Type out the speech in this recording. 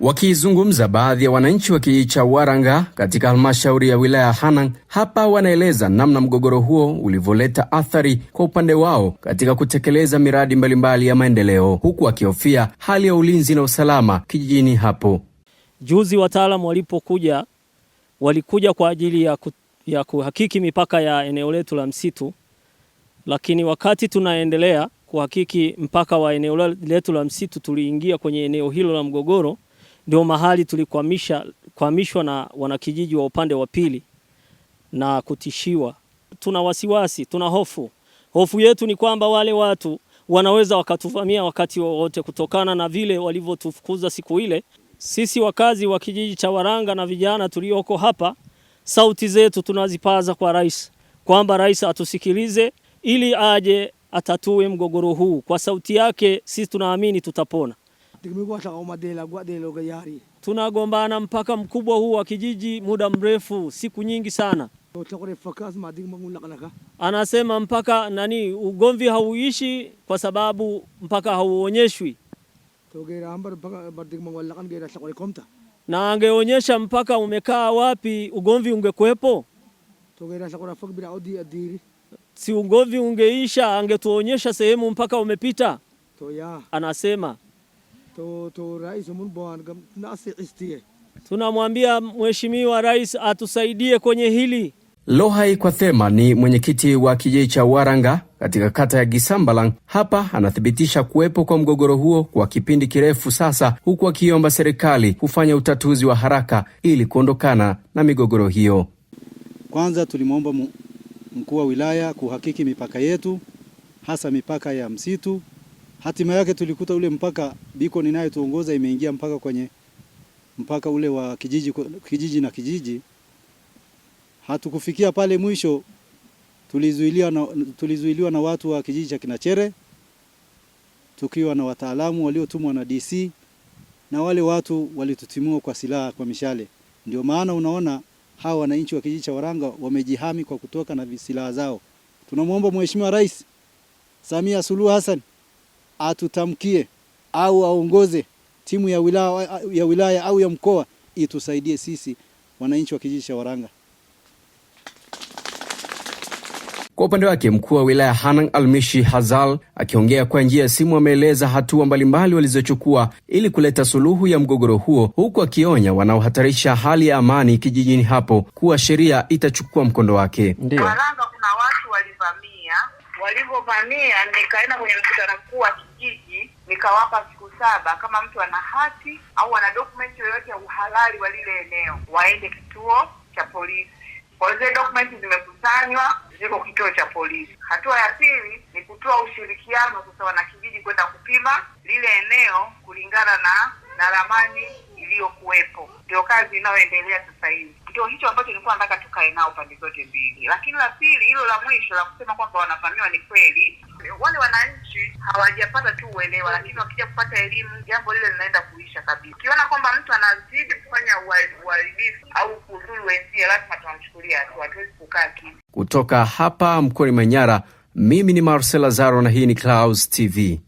Wakizungumza baadhi ya wananchi wa kijiji cha Waranga katika halmashauri ya wilaya ya Hanang hapa wanaeleza namna mgogoro huo ulivyoleta athari kwa upande wao katika kutekeleza miradi mbalimbali ya maendeleo, huku wakihofia hali ya ulinzi na usalama kijijini hapo. Juzi wataalamu walipokuja, walikuja kwa ajili ya, ku, ya kuhakiki mipaka ya eneo letu la msitu, lakini wakati tunaendelea kuhakiki mpaka wa eneo letu la msitu tuliingia kwenye eneo hilo la mgogoro ndio mahali kwamishwa na wanakijiji wa upande wa pili na kutishiwa. Tuna wasiwasi, tuna hofu. Hofu yetu ni kwamba wale watu wanaweza wakatuvamia wakati wowote, kutokana na vile walivyotufukuza siku ile. Sisi wakazi wa kijiji cha Waranga na vijana tulioko hapa, sauti zetu tunazipaza kwa rais, kwamba rais atusikilize ili aje atatue mgogoro huu. Kwa sauti yake sisi tunaamini tutapona. Tunagombana mpaka mkubwa huu wa kijiji muda mrefu, siku nyingi sana. Anasema mpaka nani, ugomvi hauishi kwa sababu mpaka hauonyeshwi, na angeonyesha mpaka umekaa wapi, ugomvi ungekuwepo, si ugomvi ungeisha, angetuonyesha sehemu mpaka umepita. Anasema Tunamwambia Mheshimiwa Rais atusaidie kwenye hili. Lohai Kwathema ni mwenyekiti wa kijiji cha Waranga katika kata ya Gisambalang. Hapa anathibitisha kuwepo kwa mgogoro huo kwa kipindi kirefu sasa, huku akiomba serikali kufanya utatuzi wa haraka ili kuondokana na migogoro hiyo. Kwanza tulimwomba mkuu wa wilaya kuhakiki mipaka yetu, hasa mipaka ya msitu Hatima yake tulikuta ule mpaka Bikon inayotuongoza imeingia mpaka kwenye mpaka ule wa kijiji, kijiji na kijiji. Hatukufikia pale mwisho, tulizuiliwa na, tulizuiliwa na watu wa kijiji cha Kinachere tukiwa na wataalamu waliotumwa na DC na wale watu walitutimua kwa silaha kwa mishale. Ndio maana unaona hawa wananchi wa kijiji cha Waranga wamejihami kwa kutoka na silaha zao. Tunamwomba Mheshimiwa Rais Samia Suluhu Hassan atutamkie au aongoze timu ya wilaya, ya wilaya au ya mkoa itusaidie sisi wananchi wa kijiji cha Waranga. Kwa upande wake mkuu wa wilaya Hanang Almishi Hazal akiongea kwa njia ya simu ameeleza hatua mbalimbali walizochukua ili kuleta suluhu ya mgogoro huo, huku akionya wanaohatarisha hali ya amani kijijini hapo kuwa sheria itachukua mkondo wake. Ndiyo. Waranga kuna watu walivamia Walivyovamia, nikaenda kwenye mkutano mkuu wa kijiji, nikawapa siku saba, kama mtu ana hati au ana dokumenti yoyote ya uhalali wa lile eneo waende kituo cha polisi. Kwa zile dokumenti zimekusanywa, ziko kituo cha polisi. Hatua ya pili ni kutoa ushirikiano sasa, wanakijiji kwenda kupima lile eneo kulingana na na ramani iliyokuwepo. Ndio kazi inayoendelea sasa hivi ndio hicho ambacho nilikuwa nataka tukae nao pande zote mbili. Lakini la pili, hilo la mwisho la kusema kwamba wanavamiwa, ni kweli wale wananchi hawajapata tu uelewa, lakini wakija kupata elimu, jambo lile linaenda kuisha kabisa. Ukiona kwamba mtu anazidi kufanya uharibifu au kudhuru wenzie, lazima tunamchukulia hatua, hatuwezi kukaa kimya. Kutoka hapa mkoani Manyara, mimi ni Marcel Lazaro na hii ni Clouds TV.